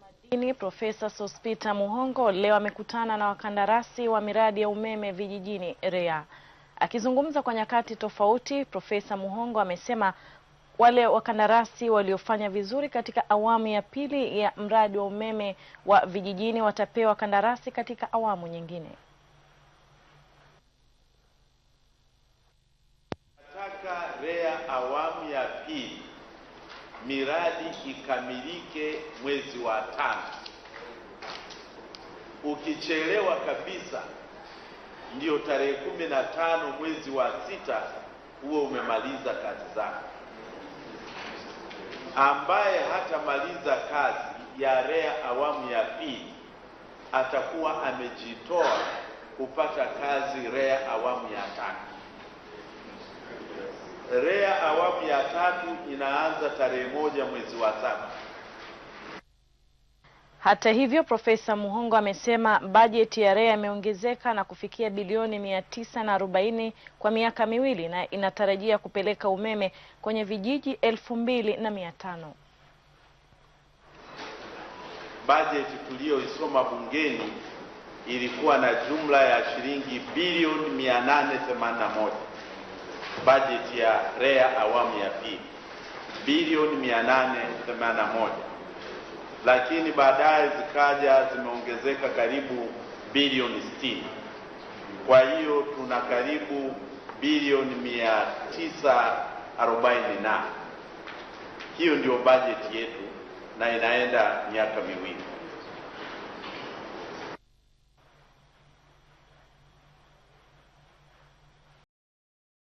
madini Profesa Sospita Muhongo leo amekutana na wakandarasi wa miradi ya umeme vijijini REA. Akizungumza kwa nyakati tofauti, Profesa Muhongo amesema wale wakandarasi waliofanya vizuri katika awamu ya pili ya mradi wa umeme wa vijijini watapewa kandarasi katika awamu nyingine. Nataka REA awamu ya pili miradi ikamilike mwezi wa tano. Ukichelewa kabisa, ndiyo tarehe kumi na tano mwezi wa sita, huo umemaliza kazi zako. Ambaye hatamaliza kazi ya REA awamu ya pili atakuwa amejitoa kupata kazi REA awamu ya tatu ya tatu inaanza tarehe moja mwezi wa tatu. Hata hivyo, Profesa Muhongo amesema bajeti ya REA imeongezeka na kufikia bilioni mia tisa na arobaini kwa miaka miwili na inatarajia kupeleka umeme kwenye vijiji elfu mbili na mia tano. Bajeti tuliyoisoma bungeni ilikuwa na jumla ya shilingi bilioni 881 bajeti ya REA awamu ya pili bilioni 881, lakini baadaye zikaja zimeongezeka karibu bilioni 60. Kwa hiyo tuna karibu bilioni 948. Hiyo ndio bajeti yetu na inaenda miaka miwili.